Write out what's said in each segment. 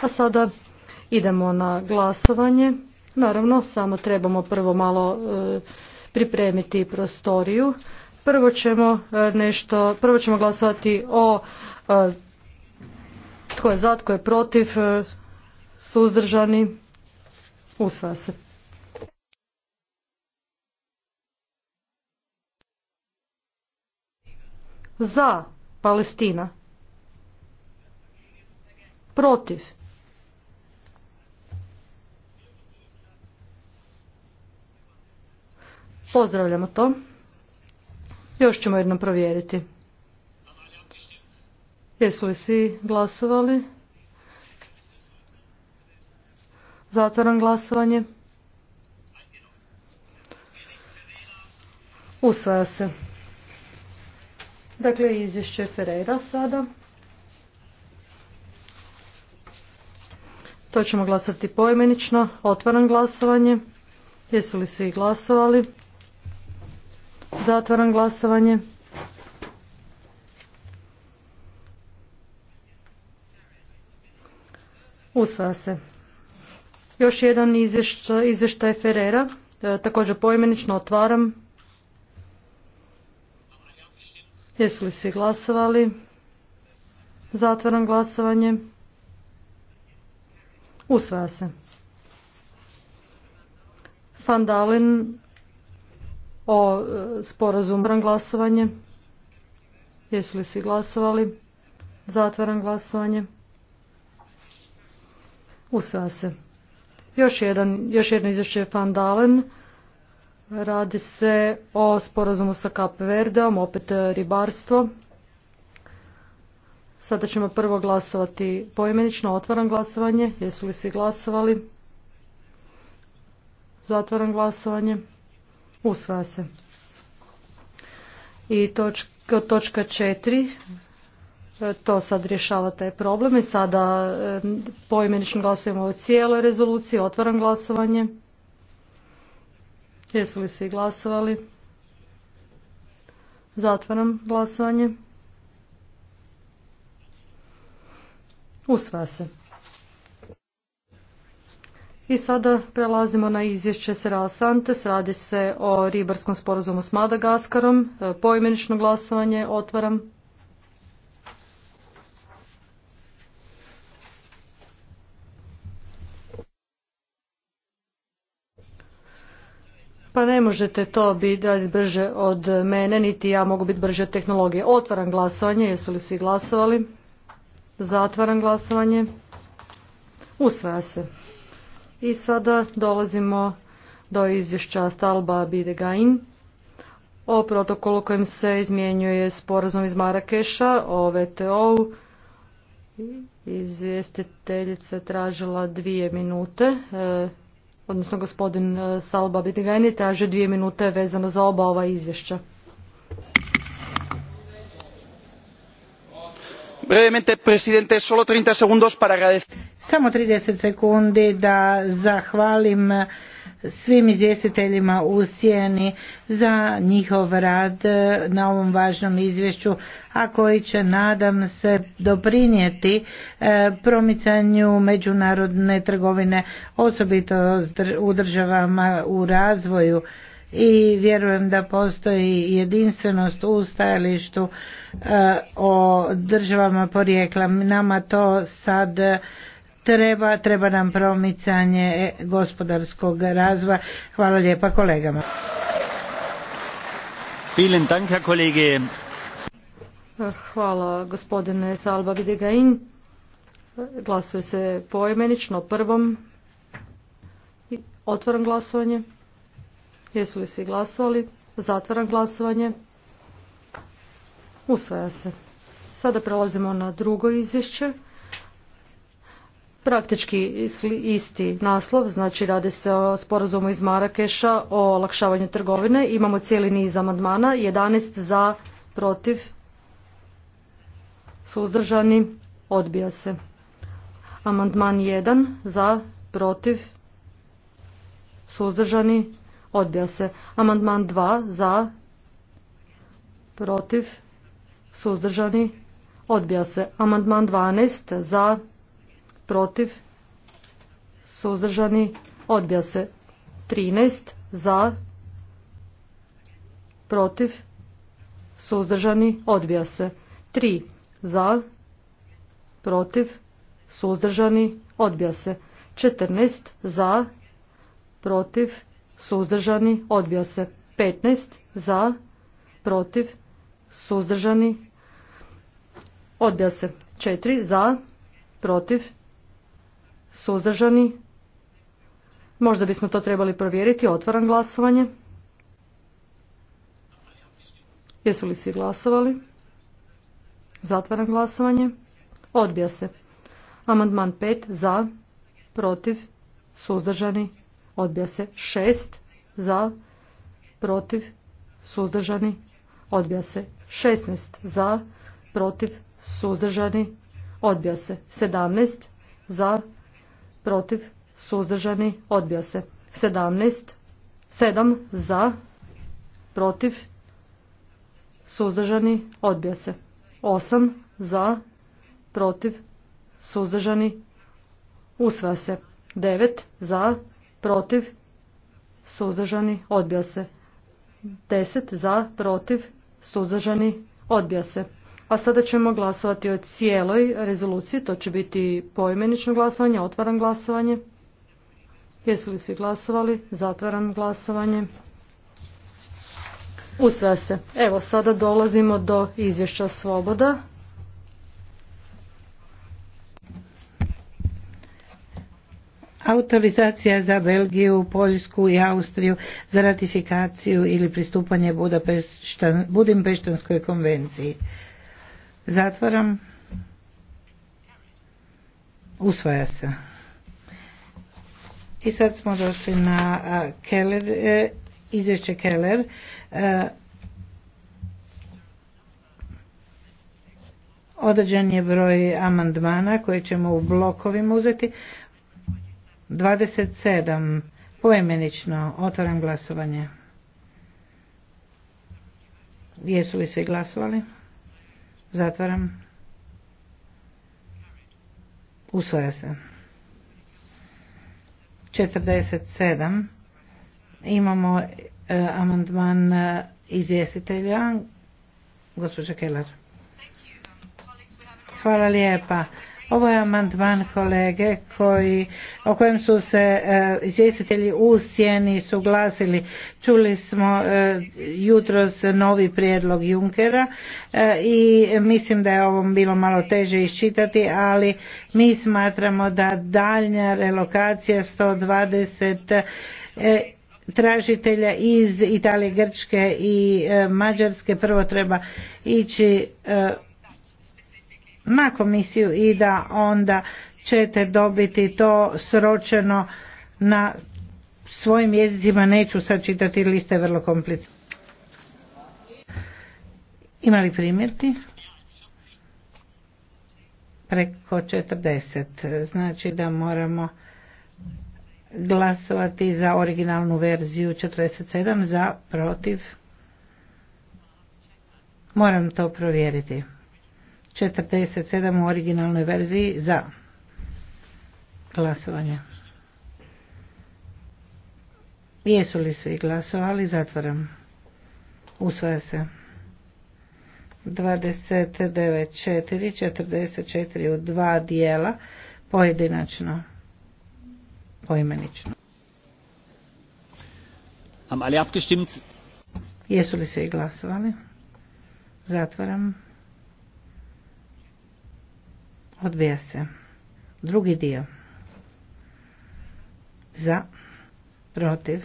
A sada idemo na glasovanje. Naravno, samo trebamo prvo malo e, pripremiti prostoriju. Prvo ćemo e, nešto, prvo ćemo glasovati o e, tko je za, tko je protiv, suzdržani, usvaja se. Za Palestina. Protiv. Pozdravljamo to. Još ćemo jednom provjeriti. Jesu li svi glasovali? Zatvaram glasovanje. Usvaja se. Dakle, izvješće Ferreira sada. To ćemo glasati poimenično. Otvaram glasovanje. Jesu li svi glasovali? Zatvaram glasovanje. Usvaja se. Još jedan izvještaj, je Ferrera, e, također poimenično otvaram. Jesu li svi glasovali? Zatvaram glasovanje. Usvaja se. Fandalin o e, sporazum glasovanje. Jesu li svi glasovali? Zatvaram glasovanje. Usvaja se. Još, jedan, još jedno izvješće je Van Dalen. Radi se o sporazumu sa Kap Verdeom, opet e, ribarstvo. Sada ćemo prvo glasovati poimenično. Otvaram glasovanje. Jesu li svi glasovali? Zatvaram glasovanje. Usvaja se. I točka, četiri, e, to sad rješava taj problem i sada e, poimenično glasujemo o cijeloj rezoluciji, otvaram glasovanje. Jesu li svi glasovali? Zatvaram glasovanje. Usvaja se. I sada prelazimo na izvješće Serao Santes. Radi se o ribarskom sporazumu s Madagaskarom. E, poimenično glasovanje otvaram. Pa ne možete to biti brže od mene, niti ja mogu biti brže od tehnologije. Otvaram glasovanje, jesu li svi glasovali? Zatvaram glasovanje. Usvaja se. I sada dolazimo do izvješća Stalba Bidegain o protokolu kojim se izmjenjuje sporazum iz Marakeša o VTO-u. Izvjestiteljica tražila dvije minute, e, odnosno gospodin e, Salba Bidegain tražio dvije minute vezano za oba ova izvješća. brevemente presidente solo samo trideset sekundi da zahvalim svim izvjestiteljima u sjeni za njihov rad na ovom važnom izvješću a koji će nadam se doprinijeti e, promicanju međunarodne trgovine osobito u državama u razvoju i vjerujem da postoji jedinstvenost u stajalištu e, o državama porijekla. Nama to sad treba, treba nam promicanje gospodarskog razvoja. Hvala lijepa kolegama. Hvala gospodine Salba Videgain. Glasuje se poimenično prvom. Otvaram glasovanje. Jesu li svi glasovali? Zatvaram glasovanje. Usvaja se. Sada prelazimo na drugo izvješće. Praktički isti naslov, znači radi se o sporazumu iz Marakeša o olakšavanju trgovine. Imamo cijeli niz amandmana, 11 za, protiv, suzdržani, odbija se. Amandman 1 za, protiv, suzdržani, Odbija se. Amandman 2 za, protiv, suzdržani. Odbija se. Amandman 12 za, protiv, suzdržani. Odbija se. 13 za, protiv, suzdržani. Odbija se. 3 za, protiv, suzdržani. Odbija se. 14 za, protiv, suzdržani, odbija se. 15 za, protiv, suzdržani, odbija se. 4 za, protiv, suzdržani. Možda bismo to trebali provjeriti. Otvaram glasovanje. Jesu li svi glasovali? Zatvaram glasovanje. Odbija se. Amandman 5 za, protiv, suzdržani, odbija se 6 za protiv suzdržani odbija se 16 za protiv suzdržani odbija se 17 za protiv suzdržani odbija se 17 7 za protiv suzdržani odbija se 8 za protiv suzdržani usvaja se 9 za protiv, suzdržani, odbija se. 10 za, protiv, suzdržani, odbija se. A sada ćemo glasovati o cijeloj rezoluciji, to će biti poimenično glasovanje, otvaram glasovanje. Jesu li svi glasovali? Zatvaram glasovanje. Usvaja se. Evo, sada dolazimo do izvješća Svoboda. Autorizacija za Belgiju, Poljsku i Austriju za ratifikaciju ili pristupanje Budimpeštanskoj konvenciji. Zatvaram. Usvaja se. I sad smo došli na Keller, e, izvješće Keller. E, određen je broj amandmana koje ćemo u blokovima uzeti. 27. Poimenično otvaram glasovanje. Jesu li svi glasovali? Zatvaram. Usvaja se. 47. Imamo e, amandman e, izvjestitelja. Gospođa Keller. Hvala lijepa. Ovo je amandman kolege koji, o kojem su se e, izvjestitelji u sjeni suglasili. Čuli smo e, jutros novi prijedlog Junkera e, i mislim da je ovom bilo malo teže iščitati, ali mi smatramo da daljnja relokacija 120 tražitelja iz Italije, Grčke i Mađarske prvo treba ići na komisiju i da onda ćete dobiti to sročeno na svojim jezicima neću sad čitati liste vrlo komplicirane. Ima li primjerki? Preko 40. Znači da moramo glasovati za originalnu verziju 47 za protiv. Moram to provjeriti. 47 u originalnoj verziji za glasovanje. Jesu li svi glasovali? Zatvaram. Usvaja se. 29.4. 44 u dva dijela pojedinačno poimenično. Am alle Jesu li svi glasovali? Zatvaram. Odbija se. Drugi dio. Za. Protiv.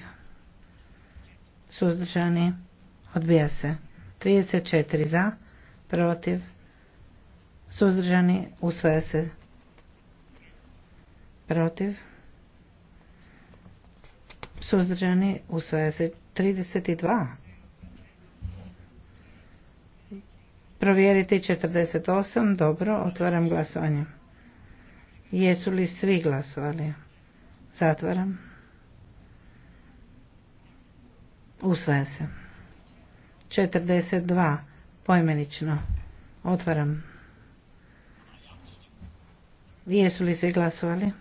Suzdržani. Odbija se. 34 za. Protiv. Suzdržani. Usvaja se. Protiv. Suzdržani. Usvaja se. 32 Provjeriti 48, dobro, otvaram glasovanje. Jesu li svi glasovali? Zatvaram. Usvaja se. 42, poimenično, otvaram. Jesu li svi glasovali?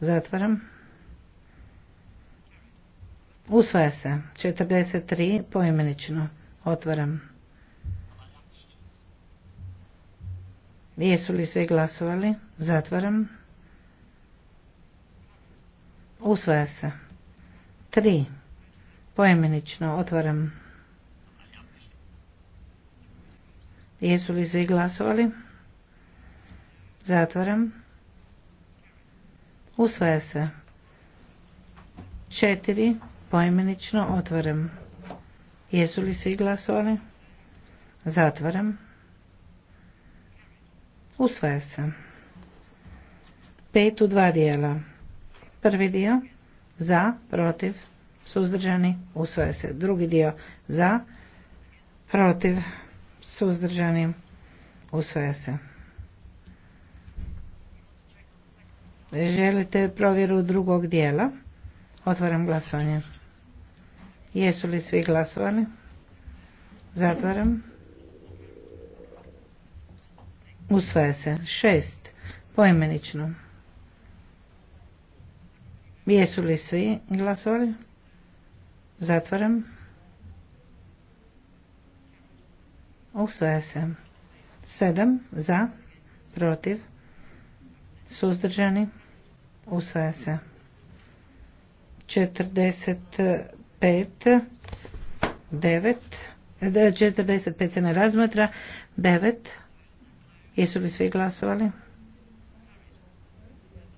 Zatvaram. Usvaja se. 43, poimenično, otvaram. Jesu li svi glasovali? Zatvaram. Usvaja se. Tri. Poimenično otvaram. Jesu li svi glasovali? Zatvaram. Usvaja se. Četiri. Poimenično otvaram. Jesu li svi glasovali? Zatvaram. Usvaja se. Pet u dva dijela. Prvi dio za, protiv, suzdržani, usvaja se. Drugi dio za, protiv, suzdržani, usvaja se. Želite provjeru drugog dijela? Otvaram glasovanje. Jesu li svi glasovali? Zatvaram. Usvaja se. Šest. Poimenično. Jesu li svi glasovali? Zatvaram. Usvaja se. Sedam. Za. Protiv. Suzdržani. Usvaja se. 45. 9. 45 se ne razmatra. 9 Jesu li svi glasovali?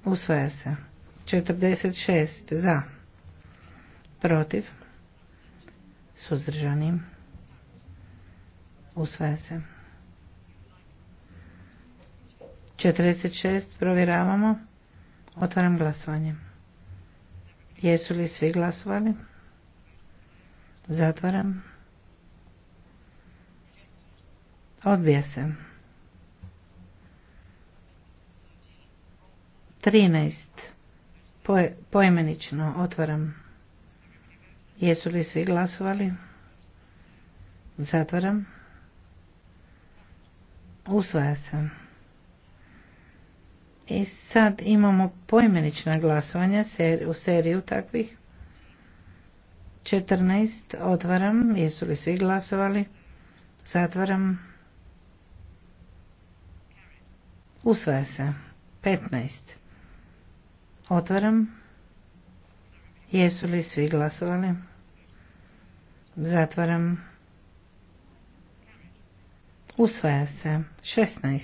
Usvaja se. 46 za. Protiv. Suzdržani. Usvaja se. 46 provjeravamo. Otvaram glasovanje. Jesu li svi glasovali? Zatvaram. Odbija se. 13. Poimenično otvaram. Jesu li svi glasovali? Zatvaram. Usvaja se. I sad imamo poimenična glasovanja u seriju takvih. 14. Otvaram. Jesu li svi glasovali? Zatvaram. Usvaja se. 15. Otvaram. Jesu li svi glasovali? Zatvaram. Usvaja se. 16.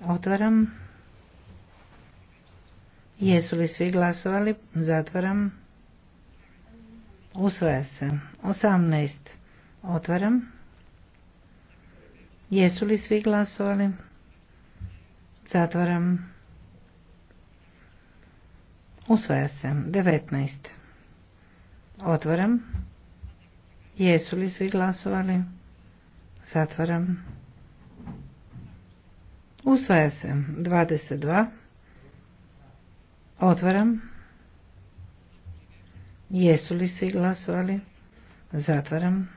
Otvaram. Jesu li svi glasovali? Zatvaram. Usvaja se. 18. Otvaram. Jesu li svi glasovali? Zatvaram. Usvaja se. 19. Otvaram. Jesu li svi glasovali? Zatvaram. Usvaja se. 22. Otvaram. Jesu li svi glasovali? Zatvaram.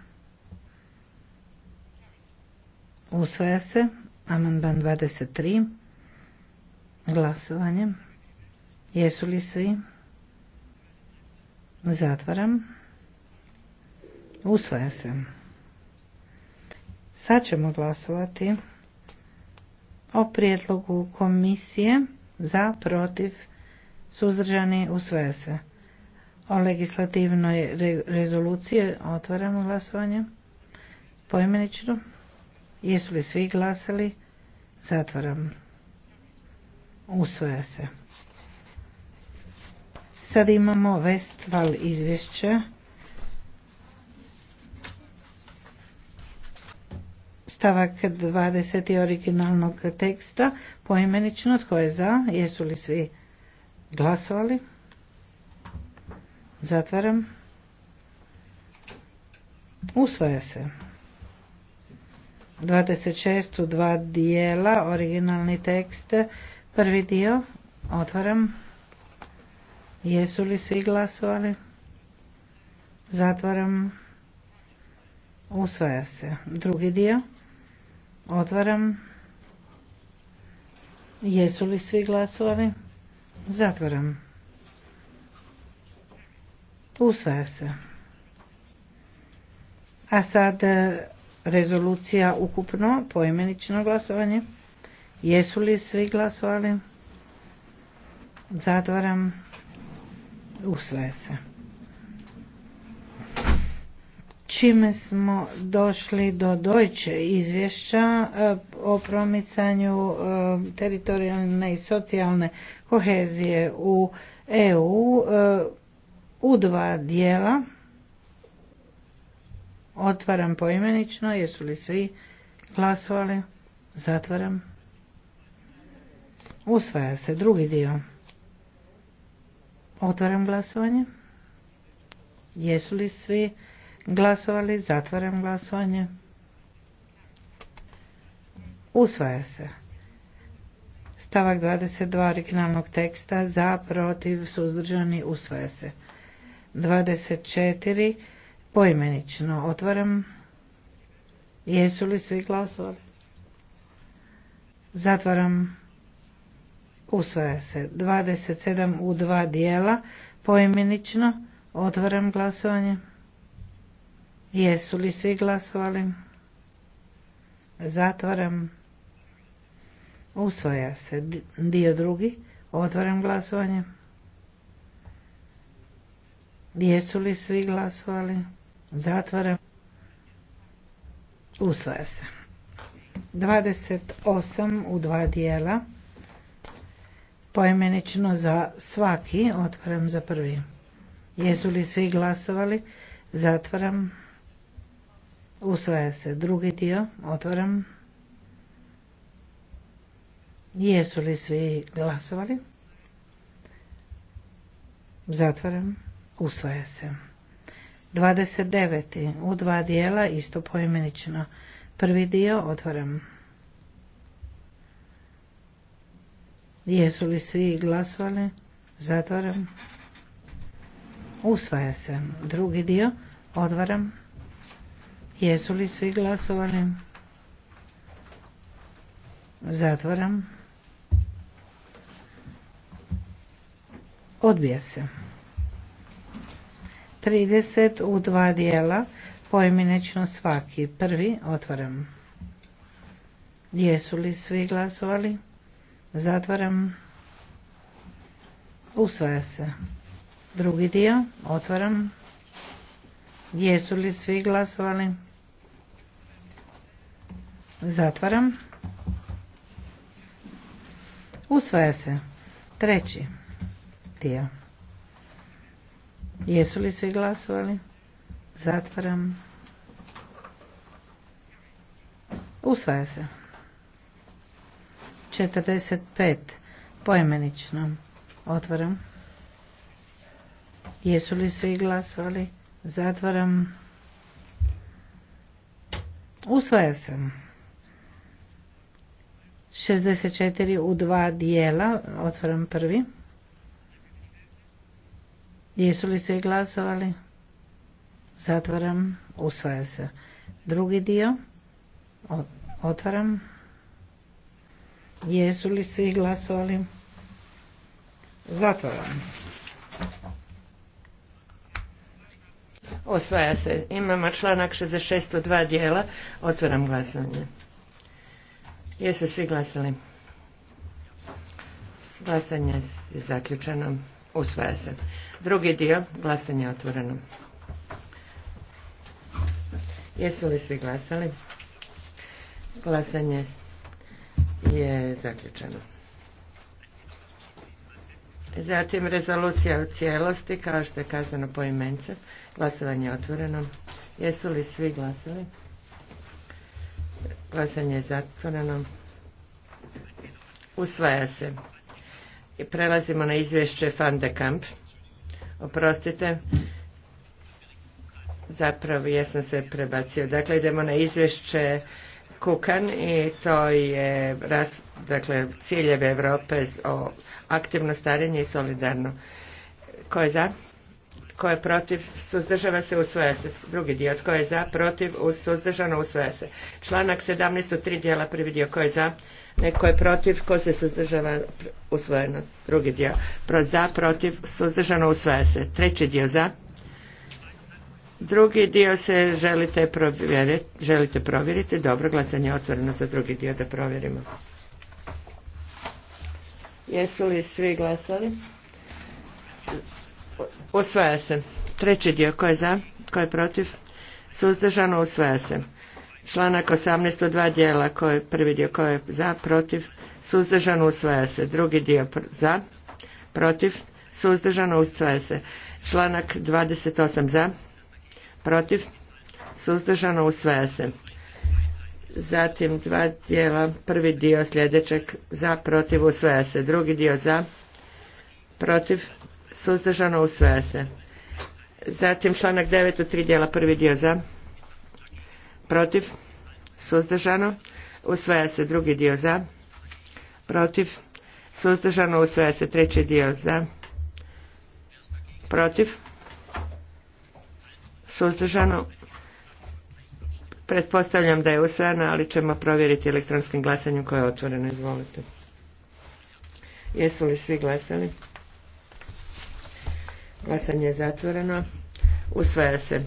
Usvaja se. Amandman 23. Glasovanje. Jesu li svi? Zatvaram. Usvaja se. Sad ćemo glasovati o prijedlogu komisije za protiv suzdržani usvaja se. O legislativnoj rezoluciji otvaramo glasovanje poimenično. Jesu li svi glasali? Zatvaram. Usvaja se. Sad imamo Vestval izvješće. Stavak 20. originalnog teksta. Poimenično tko je za? Jesu li svi glasovali? Zatvaram. Usvaja se. 26 u dva dijela, originalni tekst, prvi dio, otvaram. Jesu li svi glasovali? Zatvaram. Usvaja se. Drugi dio. Otvaram. Jesu li svi glasovali? Zatvaram. Usvaja se. A sad e, rezolucija ukupno, poimenično glasovanje. Jesu li svi glasovali? Zatvaram usvaja se. Čime smo došli do dojče izvješća e, o promicanju e, teritorijalne i socijalne kohezije u EU e, u dva dijela. Otvaram poimenično, jesu li svi glasovali? Zatvaram. Usvaja se drugi dio. Otvaram glasovanje. Jesu li svi glasovali? Zatvaram glasovanje. Usvaja se. Stavak 22 originalnog teksta za, protiv, suzdržani, usvaja se. 24 poimenično otvaram. Jesu li svi glasovali? Zatvaram Usvaja se 27 u dva dijela, poimenično, otvaram glasovanje. Jesu li svi glasovali? Zatvaram. Usvaja se dio drugi, otvaram glasovanje. Jesu li svi glasovali? Zatvaram. Usvaja se. 28 u dva dijela poimenično za svaki, otvaram za prvi. Jesu li svi glasovali? Zatvaram. Usvaja se drugi dio, otvaram. Jesu li svi glasovali? Zatvaram. Usvaja se. 29. U dva dijela, isto poimenično. Prvi dio, otvaram. Jesu li svi glasovali? Zatvaram. Usvaja se. Drugi dio. Odvaram. Jesu li svi glasovali? Zatvaram. Odbija se. 30 u dva dijela, poimenično svaki. Prvi otvaram. Jesu li svi glasovali? Zatvaram. Usvaja se. Drugi dio. Otvaram. Jesu li svi glasovali? Zatvaram. Usvaja se. Treći dio. Jesu li svi glasovali? Zatvaram. Usvaja se. 45 poimenično. Otvaram. Jesu li svi glasovali? Zatvaram. Usvaja se. 64 u dva dijela. Otvaram prvi. Jesu li svi glasovali? Zatvaram. Usvaja se. Drugi dio. Otvaram. Jesu li svi glasovali? Zatvaram. Osvaja se. Imamo članak 66 šest dva dijela. Otvaram glasovanje. Jesu svi glasali? Glasanje je zaključeno. Usvaja se. Drugi dio. Glasanje je otvoreno. Jesu li svi glasali? Glasanje je zaključeno. Zatim rezolucija u cijelosti, kao što je kazano po imence, glasovanje je otvoreno. Jesu li svi glasali? Glasanje je zatvoreno. Usvaja se. I prelazimo na izvješće Van de Kamp. Oprostite, zapravo jesam se prebacio. Dakle, idemo na izvješće Kukan i to je dakle, ciljeve Europe o aktivno starenje i solidarno. Ko je za? Ko je protiv? Suzdržava se, usvoja se. Drugi dio. Tko je za? Protiv? Suzdržano, usvoja se. Članak 17 u tri dijela. Prvi dio. Ko je za? Neko je protiv? Ko se suzdržava? Usvojeno. Drugi dio. Pro, za? Protiv? Suzdržano, usvaja se. Treći dio. Za? Drugi dio se želite provjeriti, želite provjeriti. Dobro, glasanje je otvoreno za drugi dio da provjerimo. Jesu li svi glasali? Usvaja se. Treći dio, ko je za, ko je protiv? Suzdržano usvaja se. Članak 18 od dva dijela, ko prvi dio ko je za, protiv, suzdržano usvaja se. Drugi dio za, protiv, suzdržano usvaja se. Članak 28 za, protiv, suzdržano, usvaja se. Zatim dva dijela, prvi dio sljedećeg za, protiv, usvaja se. Drugi dio za, protiv, suzdržano, usvaja se. Zatim članak 9 u tri dijela, prvi dio za, protiv, suzdržano, usvaja se. Drugi dio za, protiv, suzdržano, usvaja se. Treći dio za, protiv, Suzdržano? Pretpostavljam da je usvojena, ali ćemo provjeriti elektronskim glasanjem koje je otvoreno. Izvolite. Jesu li svi glasali? Glasanje je zatvoreno. Usvaja se.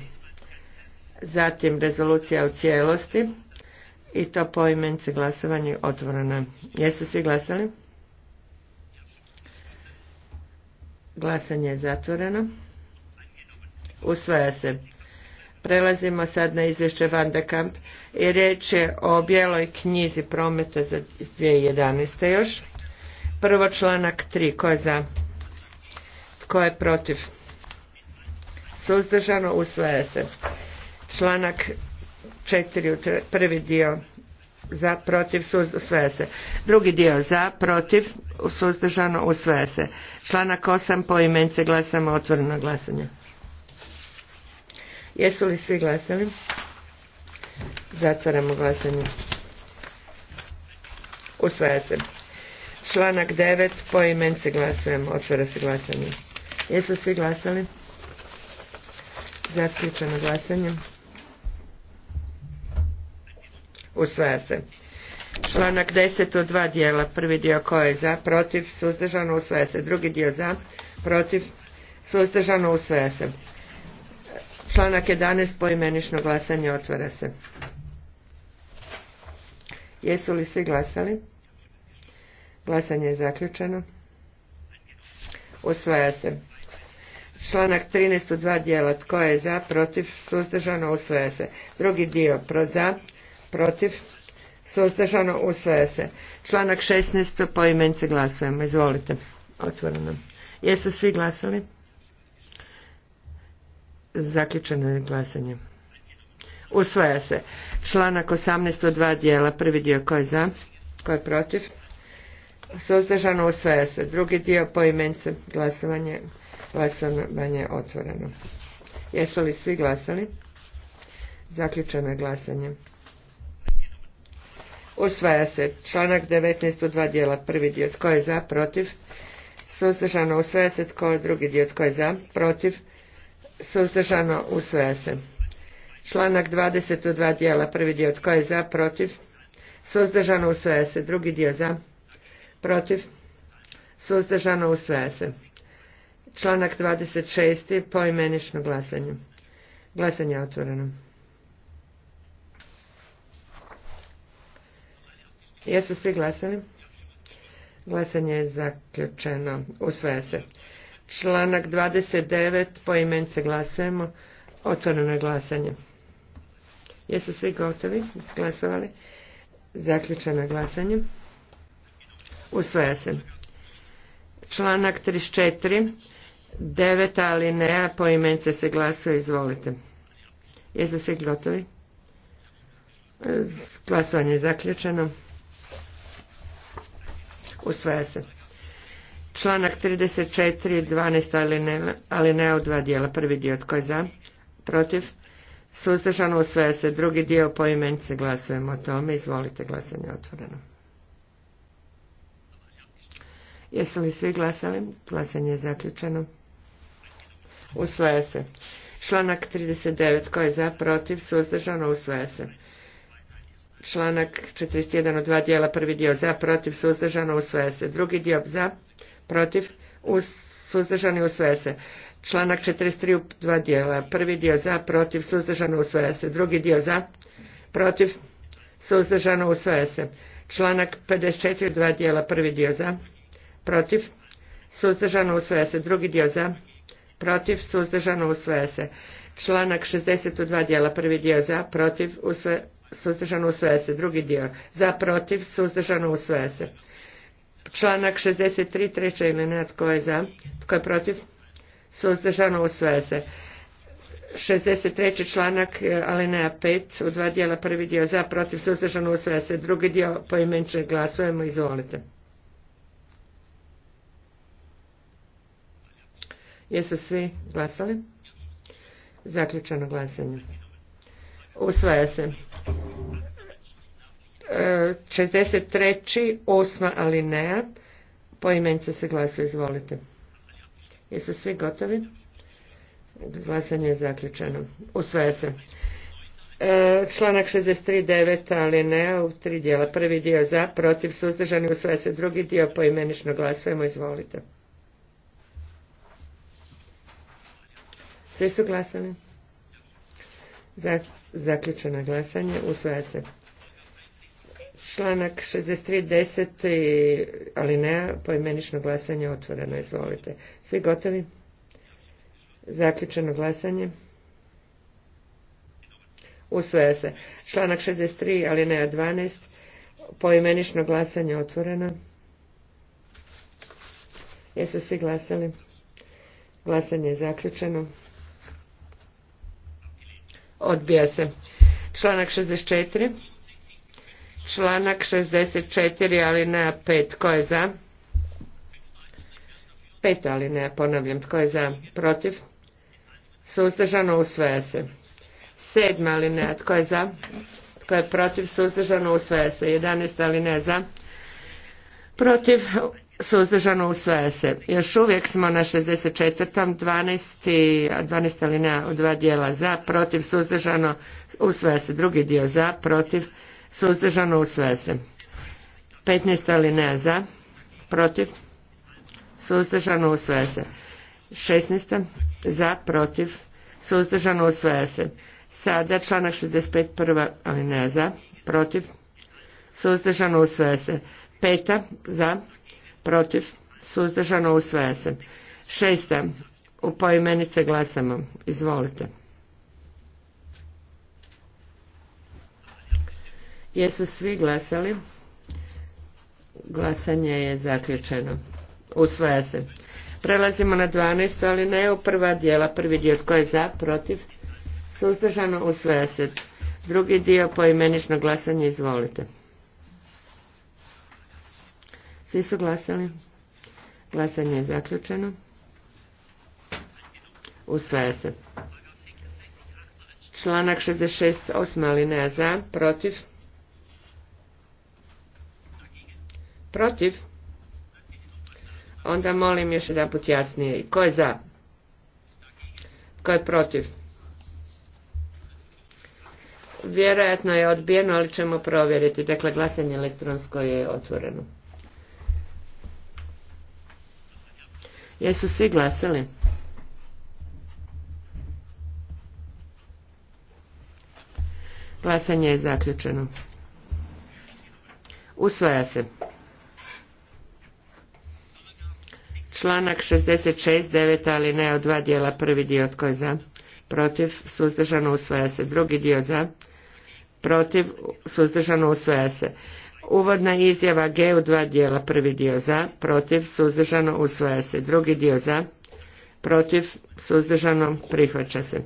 Zatim rezolucija u cijelosti i to po imence glasovanje otvoreno. Jesu svi glasali? Glasanje je zatvoreno. Usvaja se. Prelazimo sad na izvješće Van de Kamp i riječ je o bijeloj knjizi prometa za 2011. još. Prvo članak 3. Ko je za? Tko je protiv? Suzdržano usvaja se. Članak 4. Prvi dio za, protiv, usvaja se. Drugi dio za, protiv, suzdržano usvaja se. Članak 8. Po imence glasamo otvoreno glasanje. Jesu li svi glasali? Zatvaramo glasanje. Usvaja se. Članak 9. Po imence glasujemo. Otvara se glasanje. Jesu svi glasali? Zaključeno glasanje. Usvaja se. Članak 10 od dva dijela. Prvi dio ko je za, protiv, suzdržano, usvaja se. Drugi dio za, protiv, suzdržano, usvaja se. Članak 11. Poimenično glasanje otvara se. Jesu li svi glasali? Glasanje je zaključeno. Usvaja se. Članak 13 u dva dijela. Tko je za, protiv, suzdržano, usvaja se. Drugi dio. Pro za, protiv, suzdržano, usvaja se. Članak 16 po glasujemo. Izvolite. Otvoreno. Jesu svi glasali? Zaključeno je glasanje. Usvaja se. Članak 18 od dva dijela. Prvi dio ko je za, ko je protiv. Suzdržano usvaja se. Drugi dio imence glasovanje. Glasovanje je otvoreno. Jesu li svi glasali? Zaključeno je glasanje. Usvaja se članak 19 dva dijela. Prvi dio tko je za, protiv. Suzdržano usvaja se tko je drugi dio tko je za, protiv suzdržano usvaja se članak 20 u dva dijela prvi dio tko je za protiv suzdržano usvaja se drugi dio za protiv suzdržano usvaja se članak 26 poimenično glasanje glasanje je otvoreno jesu svi glasali glasanje je zaključeno usvaja se Članak 29, se glasujemo. Otvoreno je glasanje. Jesu svi gotovi? Glasovali? Zaključeno glasanje. Usvaja se. Članak 34, deveta po imence se glasuje, izvolite. Jesu svi gotovi? Glasovanje je zaključeno. Usvaja se. Članak 34, 12 ali ne od dva dijela. Prvi dio tko je za? Protiv? Suzdržano usvaja se. Drugi dio po imenice glasujemo o tome. Izvolite glasanje otvoreno. Jesu li svi glasali? Glasanje je zaključeno. Usvaja se. Članak 39. tko je za, protiv, suzdržano, usvaja se. Članak 41 od dva dijela, prvi dio za, protiv, suzdržano, usvaja se. Drugi dio za, protiv, uz, suzdržani usvaja se. Članak 43 u dva dijela. Prvi dio za, protiv, suzdržano usvaja se. Drugi dio za, protiv, suzdržano usvaja se. Članak 54 u dva dijela. Prvi dio za, protiv, suzdržano usvaja se. Drugi dio za, protiv, suzdržano usvaja se. Članak 60 u dva dijela. Prvi dio za, protiv, suzdržano usvaja se. Drugi dio za, protiv, suzdržano usvaja se. Članak 63, treća ili tko je za, tko je protiv, suzdržano usvaja se. 63. članak e, alineja pet, u dva dijela prvi dio za protiv suzdržano usvaja se drugi dio poimenče glasujemo izvolite jesu svi glasali zaključeno glasanje usvaja se 63. E, osma alineja. imence se glasuje, izvolite. Jesu svi gotovi? Glasanje je zaključeno. Usvaja se. E, članak 63. deveta alineja u tri dijela. Prvi dio za, protiv, suzdržani, usvaja se. Drugi dio poimenično glasujemo, izvolite. Svi su glasani? zaključeno glasanje, usvaja se. Članak 63.10. ali ne, poimenično glasanje otvoreno, izvolite. Svi gotovi? Zaključeno glasanje. Usvaja se. Članak 63, ali ne 12. Poimenično glasanje otvoreno. Jesu svi glasali? Glasanje je zaključeno. Odbija se. Članak 64. Članak 64, alineja 5. Tko je za? Pet alineja, ponavljam. Tko je za? Protiv? Suzdržano usvaja se. Sedma alineja. Tko je za? Tko je protiv? Suzdržano usvaja se. ali alineja za? Protiv? Suzdržano usvaja se. Još uvijek smo na 64. 12. 12 alineja u dva dijela za. Protiv? Suzdržano usvaja se. Drugi dio za. Protiv? Suzdržano usvaja se. 15. alineja za. Protiv. Suzdržano usvaja se. 16. Za. Protiv. Suzdržano usvaja se. Sada članak 65. Prva alineja za. Protiv. Suzdržano usvaja se. Peta. Za. Protiv. Suzdržano usvaja se. Šesta. U pojmenice glasamo. Izvolite. Jesu svi glasali? Glasanje je zaključeno. Usvaja se. Prelazimo na 12. ali ne u prva dijela. Prvi dio tko je za, protiv, suzdržano, usvaja se. Drugi dio poimenično glasanje, izvolite. Svi su glasali? Glasanje je zaključeno. Usvaja se. Članak 66. osma linija za, protiv, Protiv? Onda molim još jedan put jasnije. Ko je za? Ko je protiv? Vjerojatno je odbijeno, ali ćemo provjeriti. Dakle, glasanje elektronsko je otvoreno. Jesu svi glasali? Glasanje je zaključeno. Usvaja se. Članak 66, deveta ali ne od dva dijela, prvi dio tko je za, protiv, suzdržano usvaja se, drugi dio za, protiv, suzdržano usvaja se. Uvodna izjava G u dva dijela, prvi dio za, protiv, suzdržano usvaja se, drugi dio za, protiv, suzdržano prihvaća se.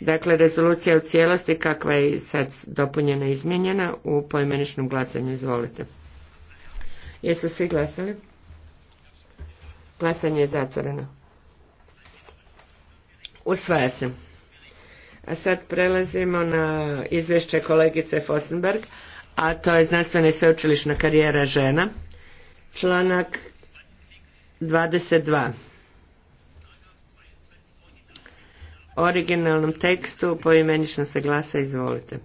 Dakle, rezolucija u cijelosti kakva je sad dopunjena i izmijenjena u poimeničnom glasanju. Izvolite. Jesu svi glasali? Glasanje je zatvoreno. Usvaja se. A sad prelazimo na izvješće kolegice Fosenberg, a to je znanstvena i sveučilišna karijera žena. Članak 22. Originalnom tekstu poimenično se glasa izvolite.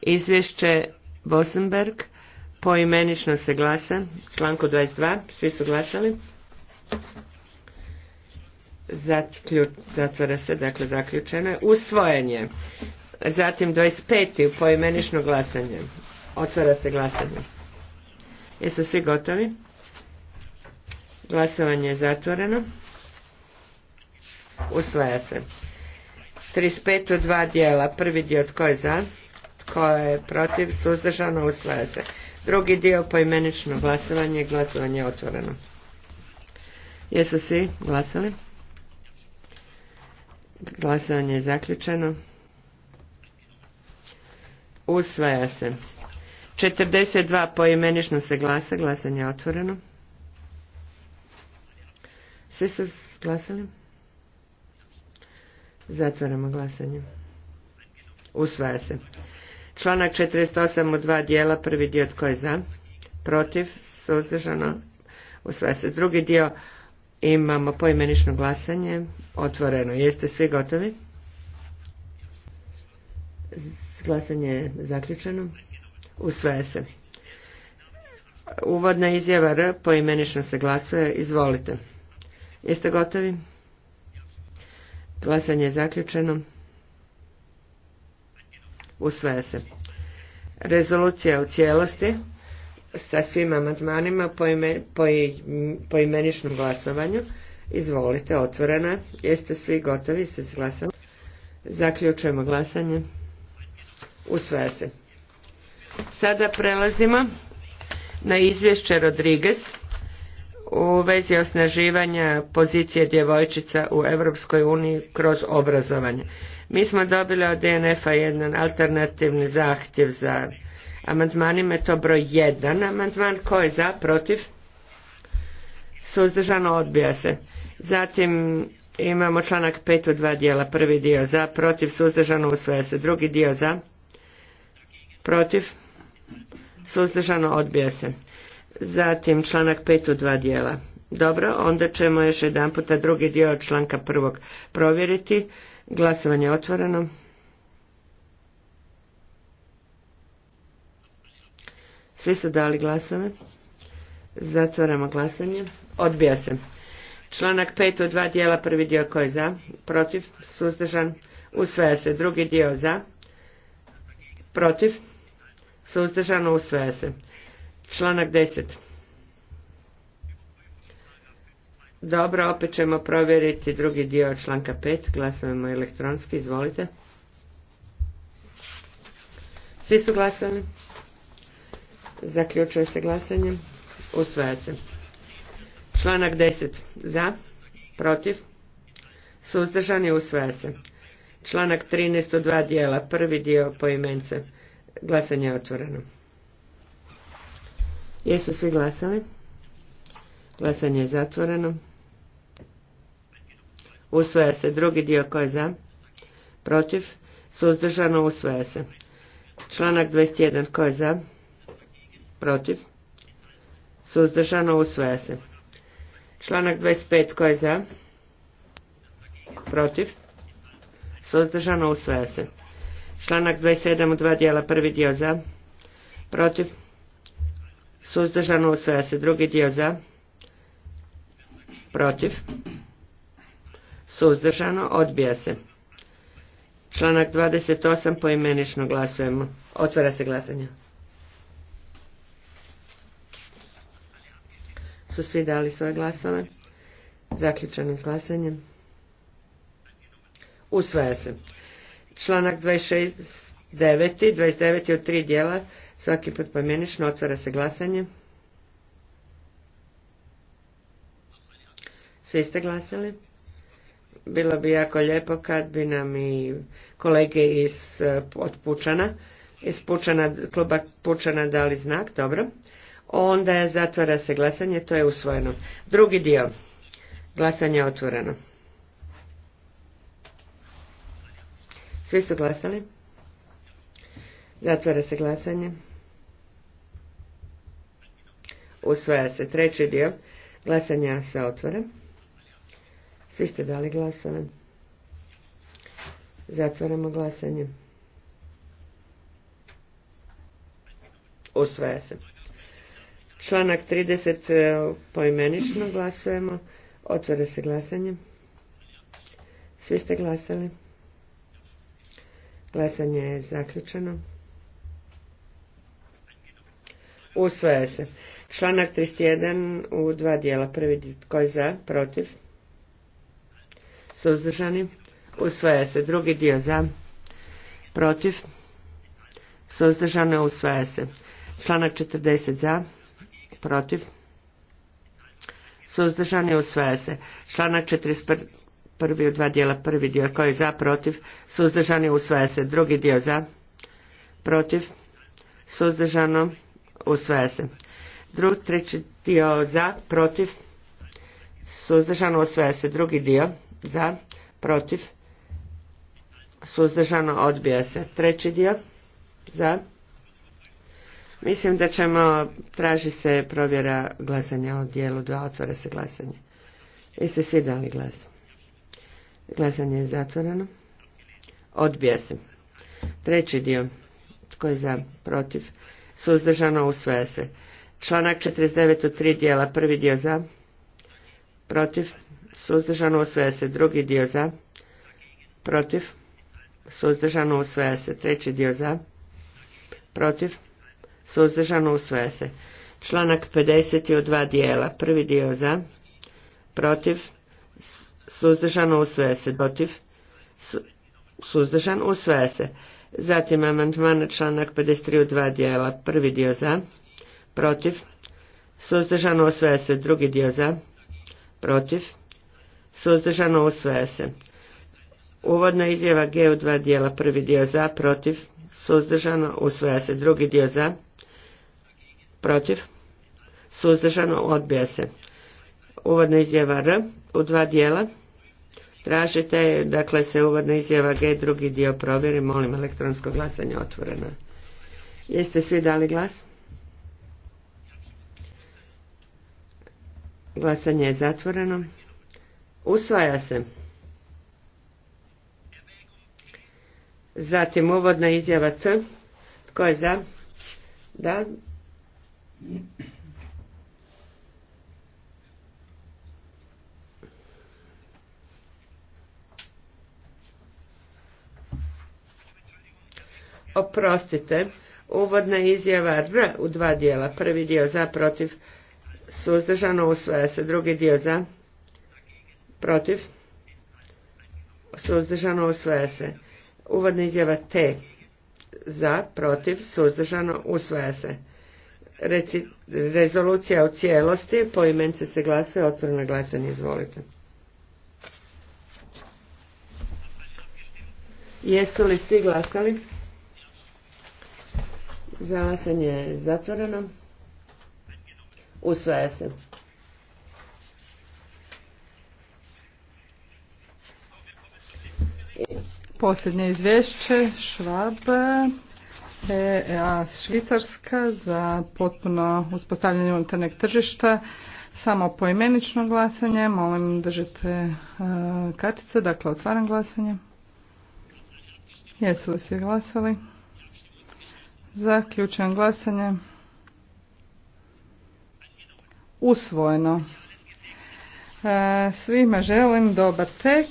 Izvješće Bosenberg Poimenično se glasa. Članku 22. Svi su glasali. zatvara se, dakle zaključeno je. Usvojenje. Zatim 25. poimenično glasanje. Otvara se glasanje. Jesu svi gotovi? Glasovanje je zatvoreno. Usvaja se. 35 dva dijela. Prvi dio tko je za, tko je protiv, suzdržano, usvaja se. Drugi dio poimenično glasovanje, glasovanje je otvoreno. Jesu svi glasali? Glasovanje je zaključeno. Usvaja se. 42 poimenično se glasa, glasanje je otvoreno. Svi su glasali? Zatvaramo glasanje. Usvaja se. Članak 48 u dva dijela, prvi dio tko je za, protiv, suzdržano, usvaja se. Drugi dio imamo poimenično glasanje, otvoreno. Jeste svi gotovi? Glasanje je zaključeno. Usvaja se. Uvodna izjava R, poimenično se glasuje, izvolite. Jeste gotovi? Glasanje je zaključeno. Usvaja se. Rezolucija u cijelosti sa svim amandmanima po, imeničnom glasovanju. Izvolite, otvorena. Jeste svi gotovi, se Zaključujemo glasanje. Usvaja se. Sada prelazimo na izvješće Rodriguez u vezi osnaživanja pozicije djevojčica u EU uniji kroz obrazovanje. Mi smo dobili od DNF-a jedan alternativni zahtjev za amandmanima, je to broj jedan amandman, ko je za, protiv, suzdržano odbija se. Zatim imamo članak 5 u dva dijela, prvi dio za, protiv, suzdržano usvaja se, drugi dio za, protiv, suzdržano odbija se. Zatim članak 5 u dva dijela. Dobro, onda ćemo još jedan puta drugi dio članka prvog provjeriti. Glasovanje je otvoreno. Svi su dali glasove. Zatvaramo glasanje. Odbija se. Članak 5 od dva dijela, prvi dio koji je za, protiv, suzdržan, usvaja se. Drugi dio za, protiv, suzdržano, usvaja se. Članak 10. Dobro, opet ćemo provjeriti drugi dio članka 5. Glasujemo elektronski, izvolite. Svi su glasali. Zaključuje se glasanje. Usvaja se. Članak 10. Za. Protiv. Suzdržani usvaja se. Članak 13 od dva dijela. Prvi dio imence Glasanje je otvoreno. Jesu svi glasali? Glasanje je zatvoreno usvaja se. Drugi dio koji je za, protiv, suzdržano, usvaja se. Članak 21 koji je za, protiv, suzdržano, usvaja se. Članak 25 koji je za, protiv, suzdržano, usvaja se. Članak 27 u dva dijela, prvi dio za, protiv, suzdržano, usvaja se. Drugi dio za, protiv, Suzdržano odbija se. Članak 28 poimenično glasujemo. Otvara se glasanje. Su svi dali svoje glasove? Zaključeno glasanje glasanje. Usvaja se. Članak 26, 9, 29 od tri dijela, svaki put poimenično otvara se glasanje. Svi ste glasali? bilo bi jako lijepo kad bi nam i kolege iz, e, od Pučana, iz Pučana, kluba Pučana dali znak, dobro. Onda je zatvara se glasanje, to je usvojeno. Drugi dio, glasanje je otvoreno. Svi su glasali? Zatvara se glasanje. Usvaja se treći dio. Glasanja se otvore. Svi ste dali glasove. Zatvaramo glasanje. Usvaja se. Članak 30 e, poimenično glasujemo. Otvara se glasanje. Svi ste glasali. Glasanje je zaključeno. Usvaja se. Članak 31 u dva dijela. Prvi tko je za, protiv, Suzdržani? Usvaja se. Drugi dio za. Protiv? suzdržano Usvaja se. Članak 40 za. Protiv? Suzdržani? Usvaja se. Članak 41 prvi od dva dijela. Prvi dio koji je za. Protiv? Suzdržani? Usvaja se. Drugi dio za. Protiv? Suzdržano? Usvaja se. Drug, treći dio za. Protiv? Suzdržano? Usvaja se. Drugi dio za, protiv, suzdržano odbija se. Treći dio, za. Mislim da ćemo, traži se provjera glasanja o dijelu 2, otvara se glasanje. Jeste svi dali glas? Glasanje je zatvoreno. Odbija se. Treći dio, tko je za, protiv, suzdržano usvaja se. Članak 49 od tri dijela, prvi dio za, protiv, Suzdržano usvaja se drugi dio za. Protiv. Suzdržano usvaja se treći dio za. Protiv. Suzdržano usvaja se. Članak 50 u dva dijela. Prvi dio za. Protiv. Suzdržano usvaja se. Protiv. suzdržano u usvaja se. Zatim amandman na članak 53 u dva dijela. Prvi dio za. Protiv. Suzdržano usvaja se. Drugi dio za. Protiv Suzdržano usvaja se. Uvodna izjava G u dva dijela. Prvi dio za, protiv. Suzdržano usvaja se. Drugi dio za, protiv. Suzdržano odbija se. Uvodna izjava R u dva dijela. Tražite, dakle, se uvodna izjava G, drugi dio provjeri, molim elektronsko glasanje otvoreno. Jeste svi dali glas? Glasanje je zatvoreno. Usvaja se. Zatim uvodna izjava C. Tko je za? Da. Oprostite, uvodna izjava R u dva dijela. Prvi dio za, protiv, suzdržano, usvaja se. Drugi dio za, protiv, suzdržano usvaja se. Uvodna izjava T za, protiv, suzdržano usvaja se. rezolucija u cijelosti, po imence se glasuje, otvoreno glasanje, izvolite. Jesu li svi glasali? Glasanje je zatvoreno. Usvaja se. Posljednje izvješće, Švab, Tea Švicarska za potpuno uspostavljanje unutarnjeg tržišta. Samo poimenično glasanje, molim držite e, kartice, dakle otvaram glasanje. Jesu li svi glasali? Zaključujem glasanje. Usvojeno. E, svima želim dobar tek.